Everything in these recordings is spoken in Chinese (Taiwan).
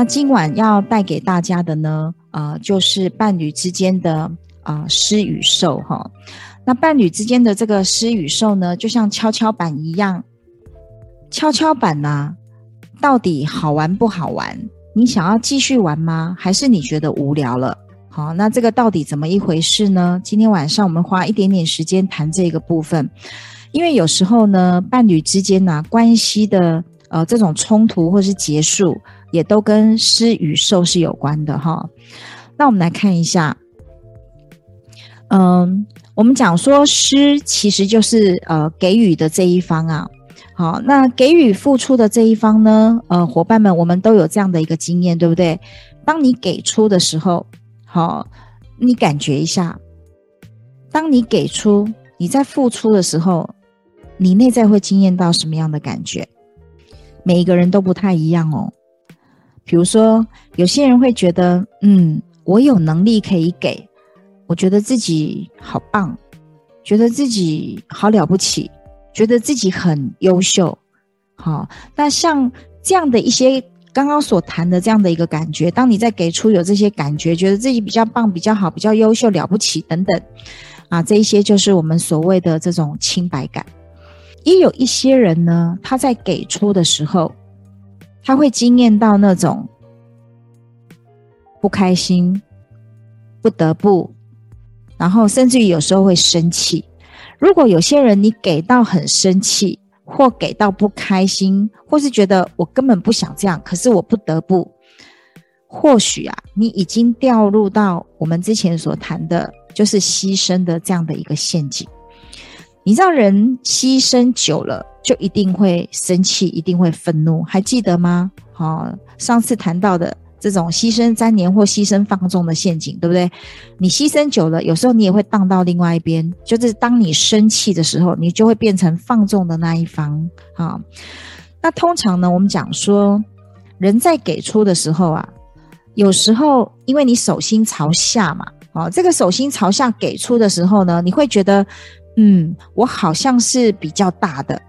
那今晚要帶給大家的呢，呃，就是伴侶之間的啊施與受哈。那伴侶之間的這個施與受呢，就像蹺蹺板一樣。蹺蹺板呢、啊，到底好玩不好玩？你想要繼續玩嗎？還是你覺得無聊了？好，那這個到底怎麼一回事呢？今天晚上我們花一點點時間談這個部分，因為有時候呢，伴侶之間呢、啊、關係的呃這種衝突或是結束。也都跟施與受是有關的哈、哦。那我們來看一下，嗯，我們講說施其實就是呃給予的這一方啊。好、哦，那給予付出的這一方呢？呃，夥伴們，我們都有這樣的一個經驗，對不對？當你給出的時候，好、哦，你感覺一下，當你給出你在付出的時候，你內在會經驗到什麼樣的感覺？每一個人都不太一樣哦。比如說，有些人會覺得，嗯，我有能力可以給，我覺得自己好棒，覺得自己好了不起，覺得自己很優秀，好、哦。那像這樣的一些剛剛所談的這樣的一個感覺，當你在給出有這些感覺，覺得自己比較棒、比較好、比較優秀、了不起等等啊，這一些就是我們所謂的這種清白感。也有一些人呢，他在給出的時候。他會經驗到那種不開心，不得不，然後甚至於有時候會生氣。如果有些人你給到很生氣，或給到不開心，或是覺得我根本不想這樣，可是我不得不，或許啊，你已經掉入到我們之前所談的，就是犧牲的這樣的一個陷阱。你讓人犧牲久了，就一定會生氣，一定會憤怒，還記得嗎？好、哦，上次談到的這種犧牲粘連或犧牲放縱的陷阱，對不對？你犧牲久了，有時候你也會盪到另外一邊，就是當你生氣的時候，你就會變成放縱的那一方。好、哦，那通常呢，我們講說，人在給出的時候啊，有時候因為你手心朝下嘛，哦，這個手心朝下給出的時候呢，你會覺得。嗯，我好像是比較大的。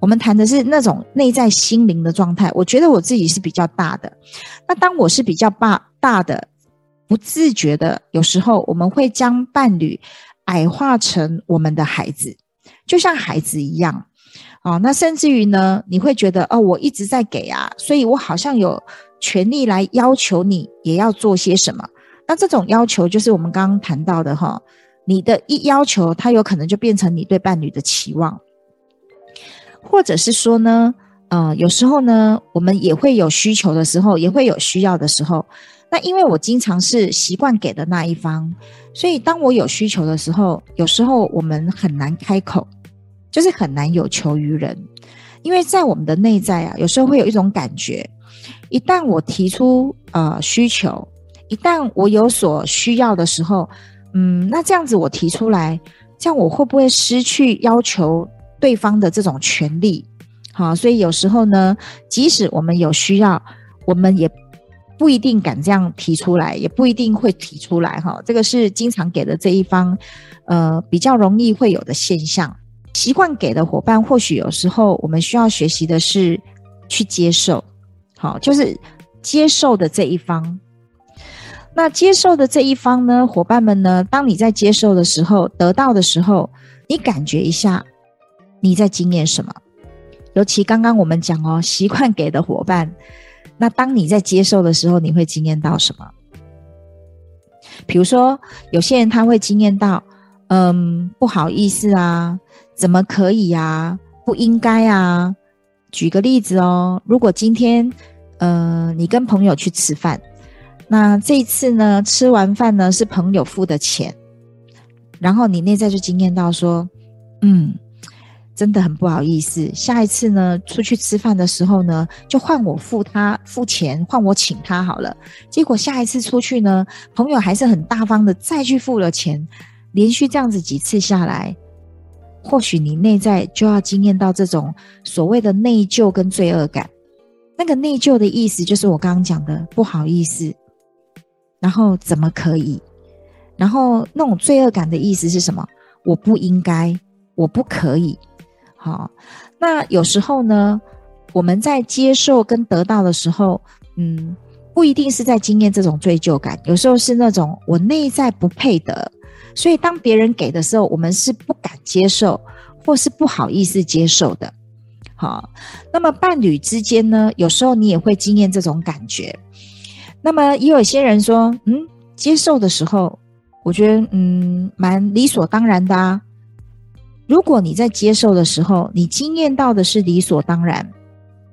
我們談的是那種內在心靈的狀態。我覺得我自己是比較大的。那當我是比較大的，不自覺的，有時候我們會將伴侶矮化成我們的孩子，就像孩子一樣啊、哦。那甚至於呢，你會覺得哦，我一直在給啊，所以我好像有權利來要求你也要做些什麼。那這種要求就是我們剛剛談到的哈。哦你的一要求，它有可能就變成你對伴侶的期望，或者是說呢，呃，有時候呢，我們也會有需求的時候，也會有需要的時候。那因為我經常是習慣給的那一方，所以當我有需求的時候，有時候我們很難開口，就是很難有求於人，因為在我們的內在啊，有時候會有一種感覺，一旦我提出呃需求，一旦我有所需要的時候。嗯，那這樣子我提出來，這樣我會不會失去要求對方的這種權利？好，所以有時候呢，即使我們有需要，我們也不一定敢這樣提出來，也不一定會提出來。哈，這個是經常給的這一方，呃，比較容易會有的現象。習慣給的夥伴，或許有時候我們需要學習的是去接受。好，就是接受的這一方。那接受的這一方呢，夥伴們呢？當你在接受的時候，得到的時候，你感覺一下，你在經驗什麼？尤其剛剛我們講哦，習慣給的夥伴，那當你在接受的時候，你會經驗到什麼？比如說，有些人他會經驗到，嗯，不好意思啊，怎麼可以啊，不應該啊。舉個例子哦，如果今天，呃，你跟朋友去吃飯。那這一次呢，吃完飯呢是朋友付的錢，然後你內在就經驗到說：“嗯，真的很不好意思。”下一次呢，出去吃飯的時候呢，就換我付他付錢，換我請他好了。結果下一次出去呢，朋友還是很大方的再去付了錢。連續這樣子幾次下來，或許你內在就要經驗到這種所謂的內疚跟罪惡感。那個內疚的意思，就是我剛剛講的不好意思。然後怎麼可以？然後那種罪惡感的意思是什麼？我不應該，我不可以。好，那有時候呢，我們在接受跟得到的時候，嗯，不一定是在經驗這種罪疚感，有時候是那種我內在不配的。所以當別人給的時候，我們是不敢接受，或是不好意思接受的。好，那麼伴侶之間呢，有時候你也會經驗這種感覺。那麼，也有些人說，嗯，接受的時候，我覺得，嗯，蠻理所當然的啊。如果你在接受的時候，你經驗到的是理所當然，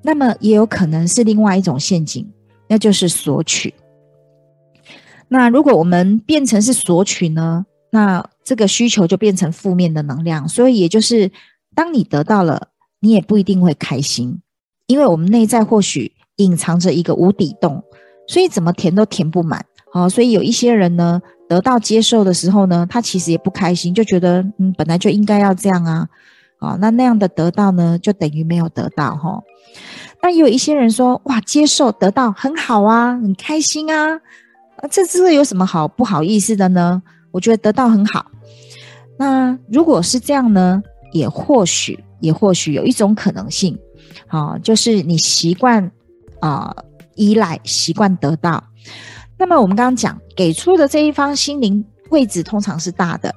那麼也有可能是另外一種陷阱，那就是索取。那如果我們變成是索取呢，那這個需求就變成負面的能量。所以，也就是，當你得到了，你也不一定會開心，因為我們內在或許隱藏着一個無底洞。所以怎麼填都填不滿，哦，所以有一些人呢，得到接受的時候呢，他其實也不開心，就覺得，嗯，本來就應該要這樣啊，啊、哦，那那樣的得到呢，就等於沒有得到哈、哦。那也有一些人說，哇，接受得到很好啊，很開心啊，啊，這這個有什麼好不好意思的呢？我覺得得到很好。那如果是這樣呢，也或許也或許有一種可能性，啊、哦，就是你習慣，啊、呃。依賴習慣得到，那麼我們剛剛講給出的這一方心靈位置通常是大的，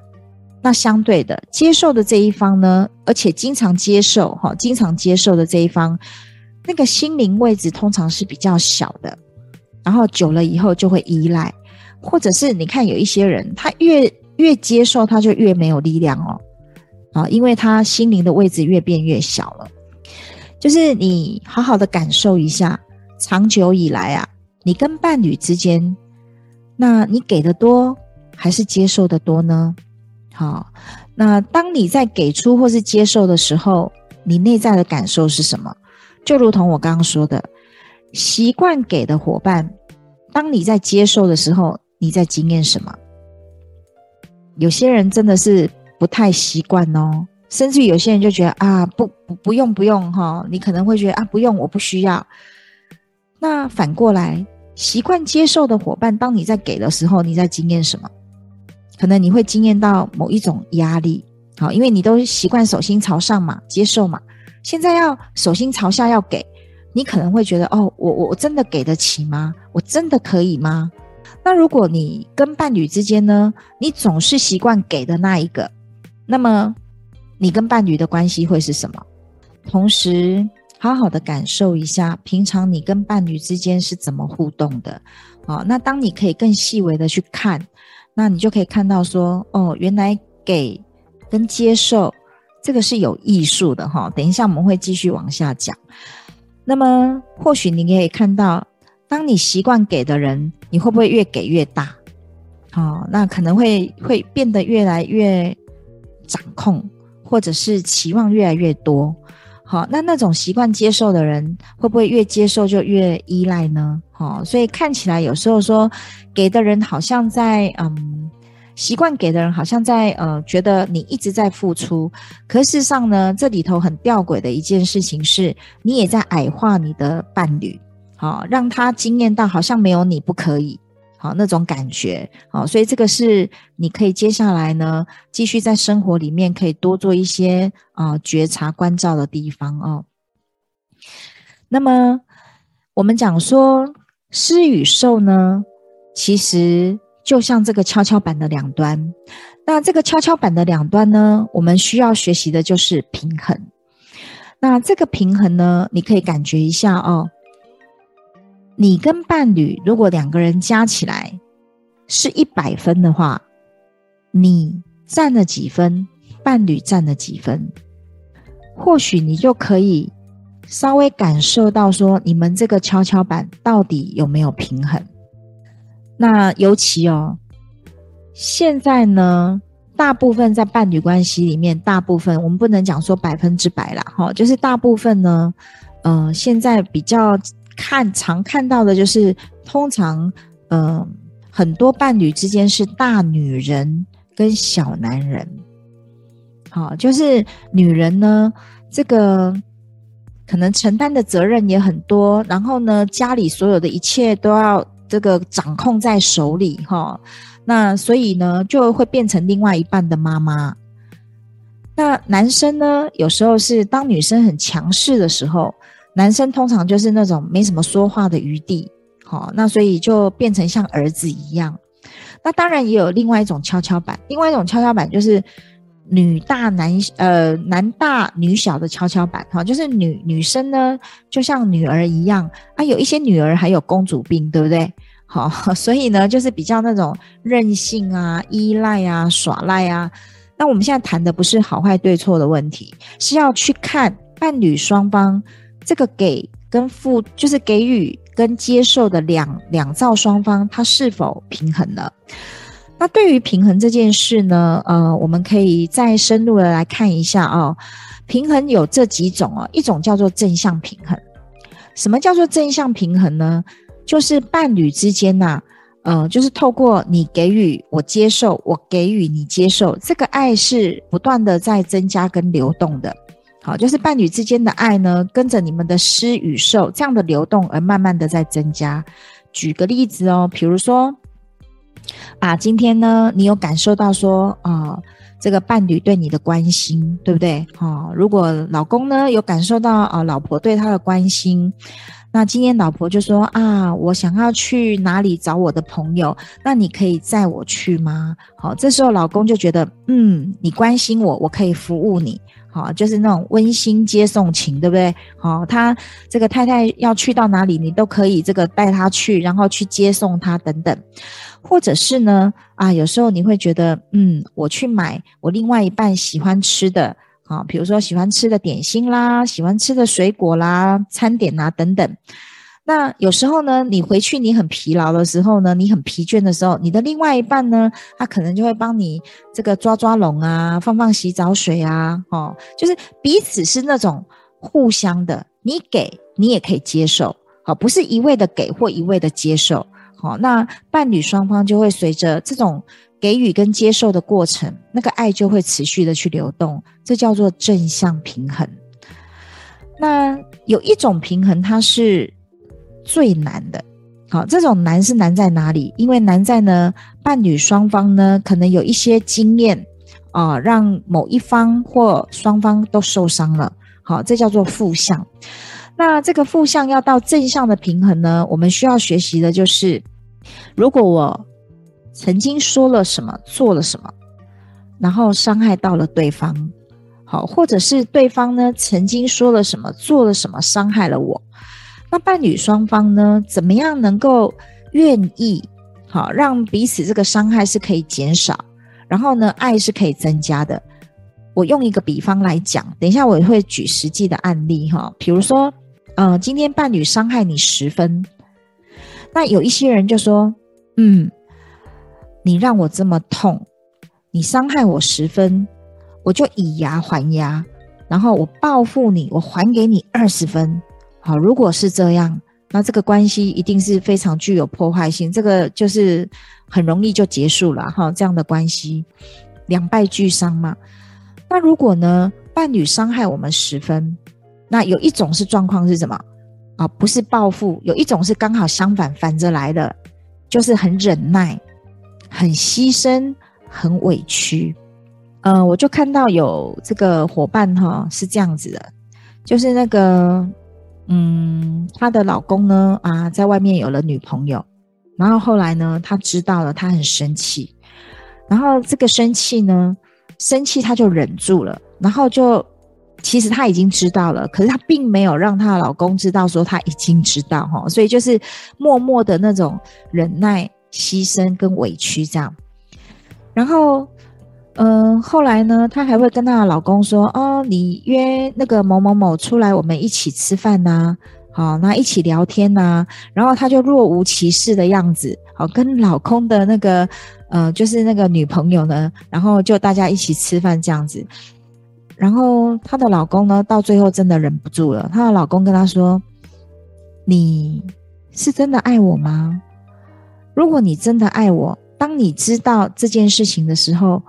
那相對的接受的這一方呢，而且經常接受哈、哦，經常接受的這一方，那個心靈位置通常是比較小的，然後久了以後就會依賴，或者是你看有一些人，他越越接受他就越沒有力量哦，啊、哦，因為他心靈的位置越變越小了，就是你好好的感受一下。長久以來啊，你跟伴侶之間，那你給得多還是接受得多呢？好，那當你在給出或是接受的時候，你內在的感受是什麼？就如同我剛剛說的，習慣給的夥伴，當你在接受的時候，你在經驗什麼？有些人真的是不太習慣哦，甚至有些人就覺得啊，不不不用不用哈、哦，你可能會覺得啊，不用，我不需要。那反過來，習慣接受的夥伴，當你在給的時候，你在經驗什麼？可能你會經驗到某一種壓力，好，哦，因為你都習慣手心朝上嘛，接受嘛。現在要手心朝下要給，你可能會覺得哦，我我真的給得起嗎？我真的可以嗎？那如果你跟伴侶之間呢，你總是習慣給的那一個，那麼你跟伴侶的關係會是什麼？同時。好好的感受一下，平常你跟伴侶之間是怎麼互動的？哦，那當你可以更細微的去看，那你就可以看到說，哦，原來給跟接受這個是有藝術的哈、哦。等一下我們會繼續往下講。那麼或許你也可以看到，當你習慣給的人，你會不會越給越大？哦，那可能會會變得越來越掌控，或者是期望越來越多。好，那那種習慣接受的人，會不會越接受就越依賴呢？好，所以看起來有時候說給的人好像在嗯，習慣給的人好像在呃，覺得你一直在付出，可事實上呢，這裡頭很吊詭的一件事情是，你也在矮化你的伴侶，好讓他經驗到好像沒有你不可以。好，那種感覺，好，所以這個是你可以接下來呢，繼續在生活裡面可以多做一些啊、呃、覺察觀照的地方哦。那麼我們講說施與受呢，其實就像這個蹺蹺板的兩端。那這個蹺蹺板的兩端呢，我們需要學習的就是平衡。那這個平衡呢，你可以感覺一下哦。你跟伴侶如果兩個人加起來是一百分的話，你佔了幾分，伴侶佔了幾分，或許你就可以稍微感受到說，你們這個蹺蹺板到底有沒有平衡？那尤其哦，現在呢，大部分在伴侶關係裡面，大部分我們不能講說百分之百啦，哈，就是大部分呢，呃，現在比較。看常看到的就是，通常，嗯、呃，很多伴侶之間是大女人跟小男人，好、哦，就是女人呢，這個可能承擔的責任也很多，然後呢，家裡所有的一切都要這個掌控在手裡，哈、哦，那所以呢，就會變成另外一半的媽媽。那男生呢，有時候是當女生很強勢的時候。男生通常就是那種沒什麼說話的餘地，好，那所以就變成像兒子一樣。那當然也有另外一種蹺蹺板，另外一種蹺蹺板就是女大男呃男大女小的蹺蹺板，好，就是女女生呢就像女兒一樣啊，有一些女兒還有公主病，對不對？好，所以呢就是比較那種任性啊、依賴啊、耍賴啊。那我們現在談的不是好壞對錯的問題，是要去看伴侶雙方。這個給跟付，就是給予跟接受的兩兩造雙方，它是否平衡了？那對於平衡這件事呢？呃，我們可以再深入的來看一下哦，平衡有這幾種哦，一種叫做正向平衡。什麼叫做正向平衡呢？就是伴侶之間吶，啊，呃，就是透過你給予我接受，我給予你接受，這個愛是不斷的在增加跟流動的。好，就是伴侶之間的愛呢，跟着你們的施與受這樣的流動而慢慢的在增加。舉個例子哦，比如說啊，今天呢，你有感受到說啊、呃，這個伴侶對你的關心，對不對？好、哦，如果老公呢有感受到啊、呃，老婆對他的關心，那今天老婆就說啊，我想要去哪裡找我的朋友，那你可以載我去嗎？好、哦，這時候老公就覺得，嗯，你關心我，我可以服務你。好，就是那種溫馨接送情，對不對？好，他這個太太要去到哪裡，你都可以這個帶他去，然後去接送他等等，或者是呢，啊，有時候你會覺得，嗯，我去買我另外一半喜歡吃的，好，比如說喜歡吃的點心啦，喜歡吃的水果啦，餐點啦等等。那有時候呢，你回去你很疲勞的時候呢，你很疲倦的時候，你的另外一半呢，他、啊、可能就會幫你這個抓抓龍啊，放放洗澡水啊，哦，就是彼此是那種互相的，你給你也可以接受，好、哦，不是一味的給或一味的接受，好、哦，那伴侶雙方就會隨着這種給予跟接受的過程，那個愛就會持續的去流動，這叫做正向平衡。那有一種平衡，它是。最難的，好，這種難是難在哪裡？因為難在呢，伴侶雙方呢，可能有一些經驗，啊、呃，讓某一方或雙方都受傷了。好，這叫做負向。那這個負向要到正向的平衡呢，我們需要學習的就是，如果我曾經說了什麼，做了什麼，然後傷害到了對方，好，或者是對方呢，曾經說了什麼，做了什麼，傷害了我。那伴侶雙方呢，怎麼樣能夠願意好讓彼此這個傷害是可以減少，然後呢，愛是可以增加的。我用一個比方來講，等一下我也會舉實際的案例哈，比如說，嗯、呃，今天伴侶傷害你十分，那有一些人就說，嗯，你讓我這麼痛，你傷害我十分，我就以牙還牙，然後我報復你，我還給你二十分。好、哦，如果是這樣，那這個關係一定是非常具有破壞性，這個就是很容易就結束了哈、哦。這樣的關係，兩敗俱傷嘛。那如果呢，伴侶傷害我們十分，那有一種是狀況是什麼？啊、哦，不是報復，有一種是剛好相反，反着來的，就是很忍耐、很犧牲、很委屈。嗯、呃，我就看到有這個夥伴哈、哦，是這樣子的，就是那個。嗯，她的老公呢啊，在外面有了女朋友，然後後來呢，她知道了，她很生氣，然後這個生氣呢，生氣她就忍住了，然後就其實她已經知道了，可是她並沒有讓她的老公知道說她已經知道，所以就是默默的那種忍耐、犧牲跟委屈這樣，然後。嗯，後來呢，她還會跟她的老公說：“哦，你約那個某某某出來，我們一起吃飯吶、啊，好，那一起聊天吶、啊。”然後她就若無其事的樣子，好，跟老公的那個，呃，就是那個女朋友呢，然後就大家一起吃飯這樣子。然後她的老公呢，到最後真的忍不住了，她的老公跟她說：“你是真的愛我嗎？如果你真的愛我，當你知道這件事情的時候。”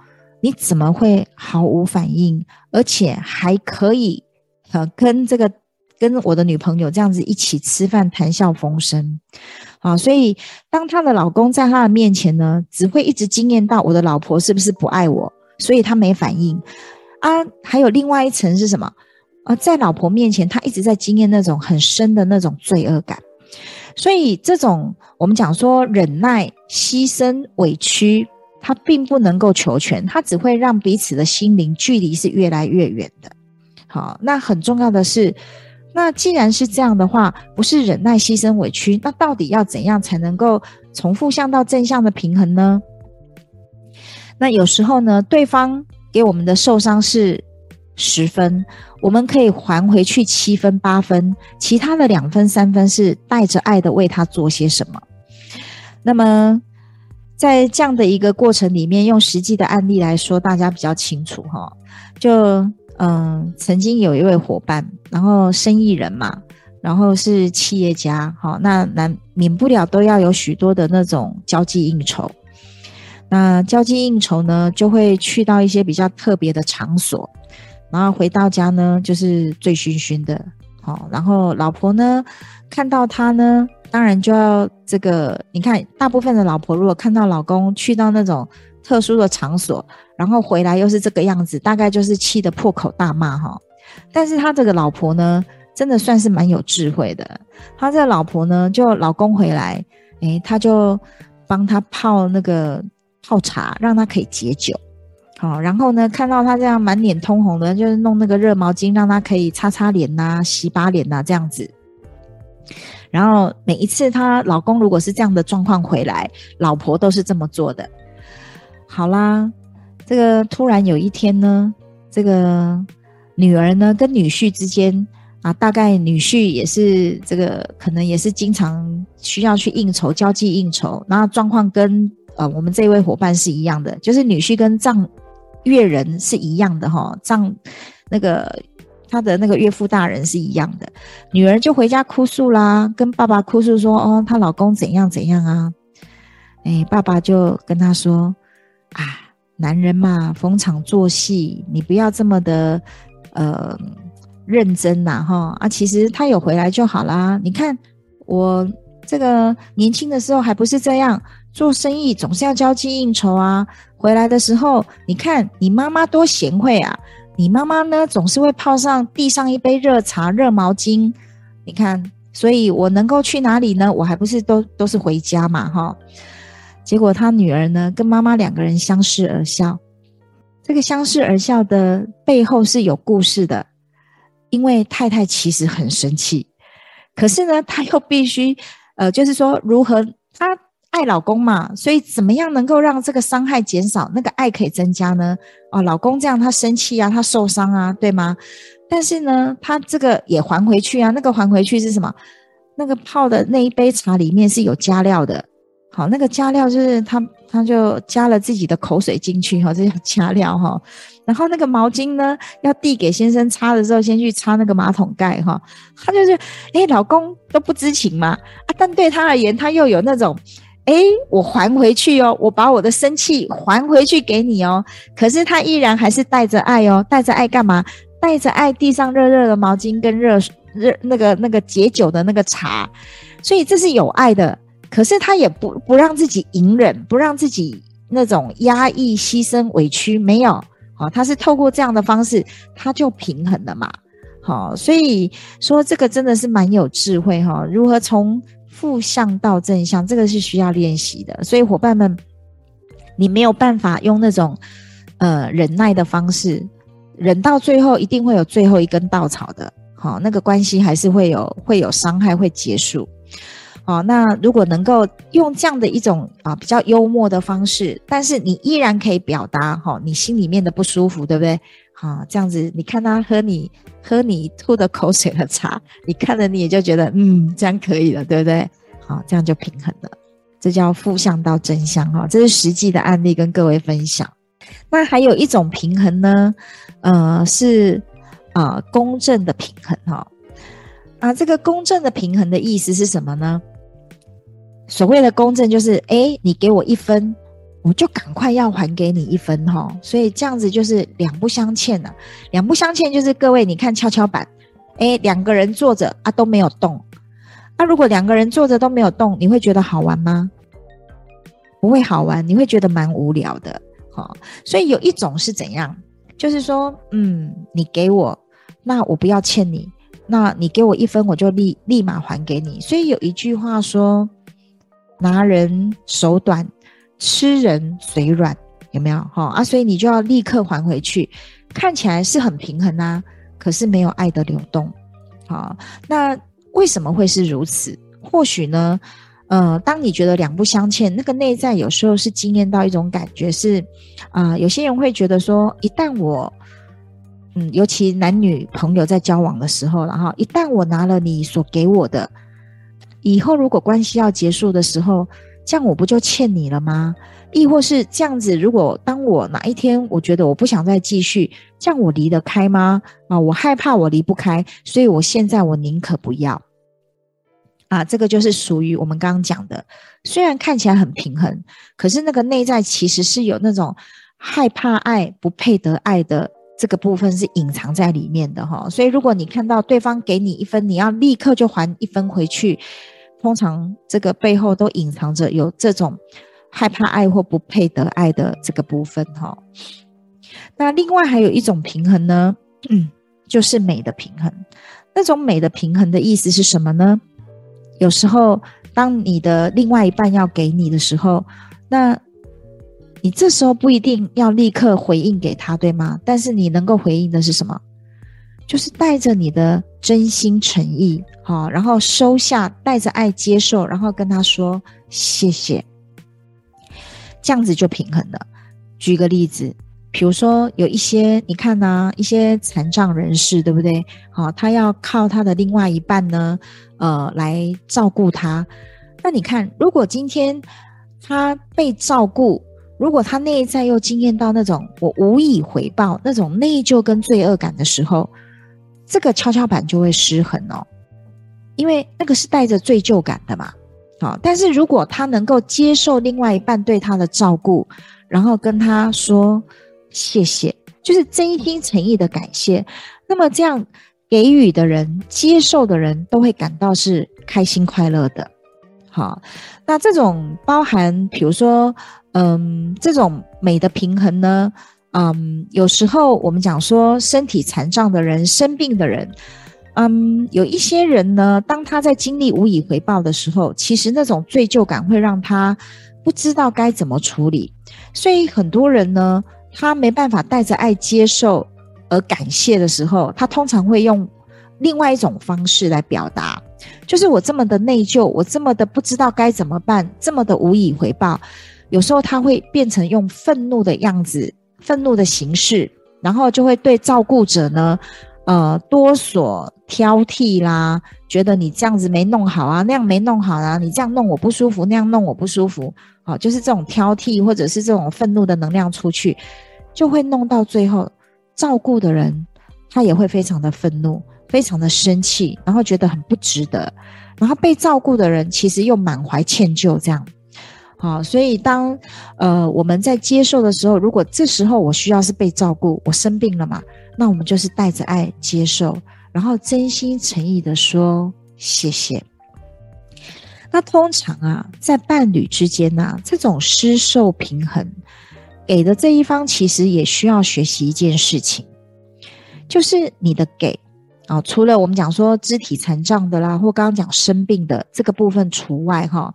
你怎麼會毫無反應？而且還可以，呃，跟這個跟我的女朋友這樣子一起吃飯談笑風生，啊，所以當她的老公在她的面前呢，只會一直經驗到我的老婆是不是不愛我，所以她沒反應啊。還有另外一層是什麼？呃、啊，在老婆面前，他一直在經驗那種很深的那種罪惡感，所以這種我們講說忍耐、犧牲、委屈。他並不能夠求全，他只會讓彼此的心靈距離是越來越遠的。好，那很重要的是，那既然是這樣的話，不是忍耐、犧牲、委屈，那到底要怎樣才能夠從負向到正向的平衡呢？那有時候呢，對方給我們的受傷是十分，我們可以還回去七分、八分，其他的兩分、三分是帶着愛的為他做些什麼。那麼。在這樣的一個過程裡面，用實際的案例來說，大家比較清楚哈。就嗯，曾經有一位夥伴，然後生意人嘛，然後是企業家，哈，那免不了都要有許多的那種交際應酬。那交際應酬呢，就會去到一些比較特別的場所，然後回到家呢，就是醉醺醺的，好，然後老婆呢，看到他呢。當然就要這個，你看，大部分的老婆如果看到老公去到那種特殊的場所，然後回來又是這個樣子，大概就是氣得破口大罵哈。但是他這個老婆呢，真的算是蠻有智慧的。他這個老婆呢，就老公回來，哎，他就幫他泡那個泡茶，讓他可以解酒。好，然後呢，看到他這樣滿臉通紅的，就是弄那個熱毛巾，讓他可以擦擦臉吶、啊，洗把臉吶、啊，這樣子。然後每一次他老公如果是這樣的狀況回來，老婆都是這麼做的。好啦，這個突然有一天呢，這個女兒呢跟女婿之間啊，大概女婿也是這個，可能也是經常需要去應酬、交際應酬，那狀況跟呃我們這位夥伴是一樣的，就是女婿跟丈越人是一樣的哈、哦，丈那個。她的那個岳父大人是一樣的，女兒就回家哭訴啦，跟爸爸哭訴說：“哦，她老公怎樣怎樣啊？”哎，爸爸就跟她說：“啊，男人嘛，逢場作戲，你不要這麼的呃認真吶，哈啊，其實他有回來就好啦。你看我這個年輕的時候還不是這樣，做生意總是要交際應酬啊。回來的時候，你看你媽媽多賢惠啊。”你媽媽呢，總是會泡上遞上一杯熱茶、熱毛巾。你看，所以我能夠去哪裡呢？我還不是都都是回家嘛，哈、哦。結果，她女兒呢，跟媽媽兩個人相視而笑。這個相視而笑的背後是有故事的，因為太太其實很生氣，可是呢，她又必須，呃，就是說如何她。啊愛老公嘛，所以怎麼樣能夠讓這個傷害減少，那個愛可以增加呢？哦，老公這樣他生氣啊，他受傷啊，對嗎？但是呢，他這個也還回去啊，那個還回去是什麼？那個泡的那一杯茶裡面是有加料的，好，那個加料就是他他就加了自己的口水進去，哈、哦，這叫加料哈、哦。然後那個毛巾呢，要遞給先生擦的時候，先去擦那個馬桶蓋哈、哦。他就是，哎，老公都不知情嘛，啊，但對他而言，他又有那種。哎，我還回去哦，我把我的生氣還回去給你哦。可是他依然還是帶着愛哦，帶着愛幹嘛？帶着愛遞上熱熱的毛巾跟熱熱那個那個解酒的那個茶，所以這是有愛的。可是他也不不讓自己隱忍，不讓自己那種壓抑、犧牲、委屈，沒有啊、哦，他是透過這樣的方式，他就平衡了嘛。好、哦，所以說這個真的是蠻有智慧哈、哦，如何從。負向到正向，這個是需要練習的。所以伙伴們，你沒有辦法用那種呃忍耐的方式忍到最後，一定會有最後一根稻草的。好，哦，那個關係還是會有會有傷害，會結束，哦。那如果能夠用這樣的一種啊比較幽默的方式，但是你依然可以表達，哦，你心裡面的不舒服，對不對？好，這樣子，你看他喝你喝你吐的口水和茶，你看了你也就覺得，嗯，這樣可以了，對不對？好，這樣就平衡了，這叫負向到正向，哈，這是實際的案例跟各位分享。那還有一種平衡呢，呃，是啊，呃，公正的平衡，哦，哈，啊，這個公正的平衡的意思是什麼呢？所謂的公正就是，哎，你給我一分。我就趕快要還給你一分哈、哦，所以這樣子就是兩不相欠了、啊。兩不相欠就是各位，你看蹺蹺板，哎、欸，兩個人坐着啊都沒有動。那、啊、如果兩個人坐着都沒有動，你會覺得好玩嗎？不會好玩，你會覺得蠻無聊的哈、哦。所以有一種是怎樣，就是說，嗯，你給我，那我不要欠你，那你給我一分，我就立立馬還給你。所以有一句話說，拿人手短。吃人嘴軟有沒有？哈啊，所以你就要立刻還回去。看起來是很平衡啊，可是沒有愛的流動。好、啊，那為什麼會是如此？或許呢，呃，當你覺得兩不相欠，那個內在有時候是經驗到一種感覺是，啊、呃，有些人會覺得說，一旦我，嗯，尤其男女朋友在交往的時候，了，哈，一旦我拿了你所給我的，以後如果關係要結束的時候。這樣我不就欠你了嗎？亦或是這樣子，如果當我哪一天我覺得我不想再繼續，這樣我離得開嗎？啊，我害怕我離不開，所以我現在我寧可不要。啊，這個就是屬於我們剛剛講的，雖然看起來很平衡，可是那個內在其實是有那種害怕愛、不配得愛的這個部分是隱藏在裡面的哈、哦。所以如果你看到對方給你一分，你要立刻就還一分回去。通常這個背後都隱藏着有這種害怕愛或不配得愛的這個部分哈、哦。那另外還有一種平衡呢、嗯，就是美的平衡。那種美的平衡的意思是什麼呢？有時候當你的另外一半要給你的時候，那你這時候不一定要立刻回應給他，對嗎？但是你能夠回應的是什麼？就是帶着你的。真心誠意好，然後收下，帶着愛接受，然後跟他說謝謝，這樣子就平衡了。舉個例子，比如說有一些，你看吶、啊，一些殘障人士，對不對？好，他要靠他的另外一半呢，呃，來照顧他。那你看，如果今天他被照顧，如果他內在又經驗到那種我無以回報那種內疚跟罪惡感的時候，這個蹺蹺板就會失衡哦，因為那個是帶着罪疚感的嘛。好、哦，但是如果他能夠接受另外一半對他的照顧，然後跟他說謝謝，就是真心誠意的感謝，那麼這樣給予的人、接受的人都會感到是開心快樂的。好、哦，那這種包含，比如說，嗯，這種美的平衡呢？嗯、um,，有時候我們講說身體殘障的人、生病的人，嗯、um,，有一些人呢，當他在經歷無以回報的時候，其實那種罪疚感會讓他不知道該怎麼處理。所以很多人呢，他沒辦法帶着愛接受而感謝的時候，他通常會用另外一種方式來表達，就是我這麼的內疚，我這麼的不知道該怎麼辦，這麼的無以回報。有時候他會變成用憤怒的樣子。憤怒的形式，然後就會對照顧者呢，呃，多所挑剔啦，覺得你這樣子沒弄好啊，那樣沒弄好啊，你這樣弄我不舒服，那樣弄我不舒服，好，哦，就是這種挑剔或者是這種憤怒的能量出去，就會弄到最後，照顧的人他也會非常的憤怒，非常的生氣，然後覺得很不值得，然後被照顧的人其實又滿懷歉疚這樣。好，所以當，呃，我們在接受的時候，如果這時候我需要是被照顧，我生病了嘛，那我們就是帶着愛接受，然後真心誠意的說謝謝。那通常啊，在伴侶之間呢、啊，這種施受平衡，給的這一方其實也需要學習一件事情，就是你的給，啊、哦，除了我們講說肢體殘障的啦，或剛剛講生病的這個部分除外，哈。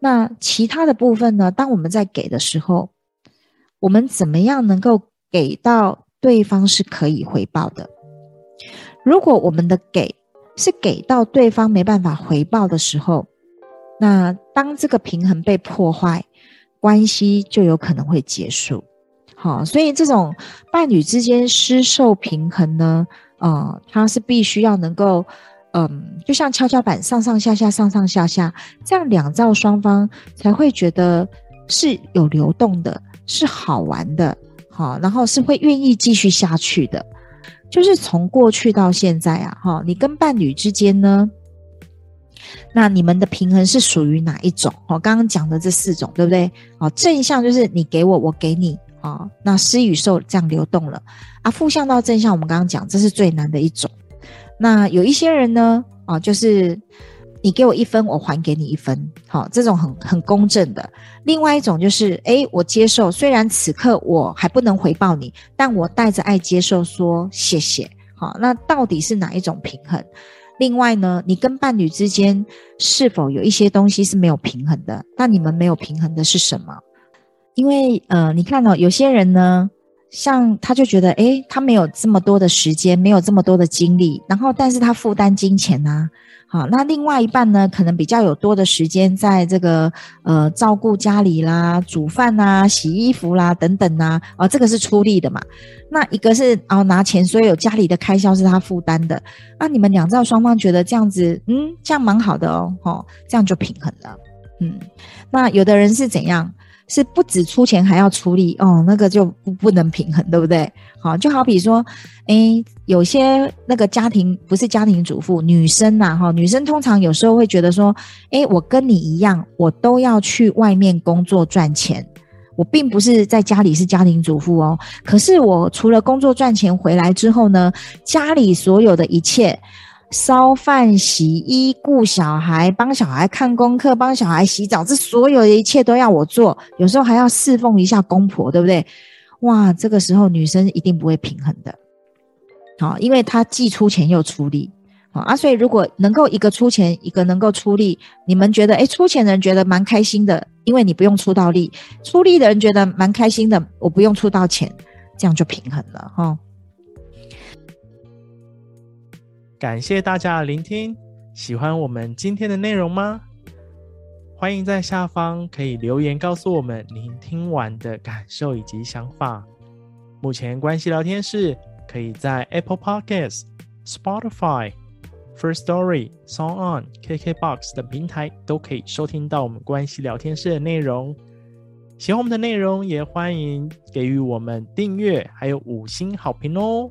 那其他的部分呢？當我們在給的時候，我們怎麼樣能夠給到對方是可以回報的？如果我們的給是給到對方沒辦法回報的時候，那當這個平衡被破壞，關係就有可能會結束。好，所以這種伴侶之間施受平衡呢，啊、呃，它是必須要能夠。嗯，就像蹺蹺板上上下下上上下下，這樣兩造雙方才會覺得是有流動的，是好玩的，好，然後是會願意繼續下去的。就是從過去到現在啊，哈，你跟伴侶之間呢，那你們的平衡是屬於哪一種？我剛剛講的這四種，對不對？好，正向就是你給我，我給你，啊，那施與受這樣流動了啊。負向到正向，我們剛剛講，這是最難的一種。那有一些人呢，啊，就是你給我一分，我還給你一分，好，這種很很公正的。另外一種就是，哎，我接受，雖然此刻我還不能回報你，但我帶着愛接受，說謝謝，好。那到底是哪一種平衡？另外呢，你跟伴侶之間是否有一些東西是沒有平衡的？那你們沒有平衡的是什麼？因為，呃，你看哦，有些人呢。像他就覺得，哎，他沒有這麼多的時間，沒有這麼多的精力，然後，但是他負擔金錢吶、啊，好，那另外一半呢，可能比較有多的時間，在這個，呃，照顧家裡啦，煮飯吶，洗衣服啦，等等吶、啊，啊、哦，這個是出力的嘛，那一個是，哦，拿錢，所以有家裡的開銷是他負擔的，那你們兩造雙方覺得這樣子，嗯，這樣蠻好的哦，吼、哦，這樣就平衡了，嗯，那有的人是怎樣？是不止出錢還要出力哦，那個就不不能平衡，對不對？好，就好比說，哎，有些那個家庭不是家庭主婦，女生吶、啊、哈，女生通常有時候會覺得說，哎，我跟你一樣，我都要去外面工作賺錢，我並不是在家裡是家庭主婦哦，可是我除了工作賺錢回來之後呢，家裡所有的一切。燒飯、洗衣、顧小孩、幫小孩看功課、幫小孩洗澡，這所有的一切都要我做，有時候還要侍奉一下公婆，對不對？哇，這個時候女生一定不會平衡的，好、哦，因為她既出錢又出力，好、哦、啊，所以如果能夠一個出錢，一個能夠出力，你們覺得，誒，出錢的人覺得蠻開心的，因為你不用出到力；出力的人覺得蠻開心的，我不用出到錢，這樣就平衡了，哈、哦。感謝大家的聆聽，喜歡我們今天的內容嗎？歡迎在下方可以留言告訴我們您聽完的感受以及想法。目前關係聊天室可以在 Apple Podcasts、Spotify、First Story、Song On、KK Box 等平台都可以收聽到我們關係聊天室的內容。喜歡我們的內容，也歡迎給予我們訂閱還有五星好評哦。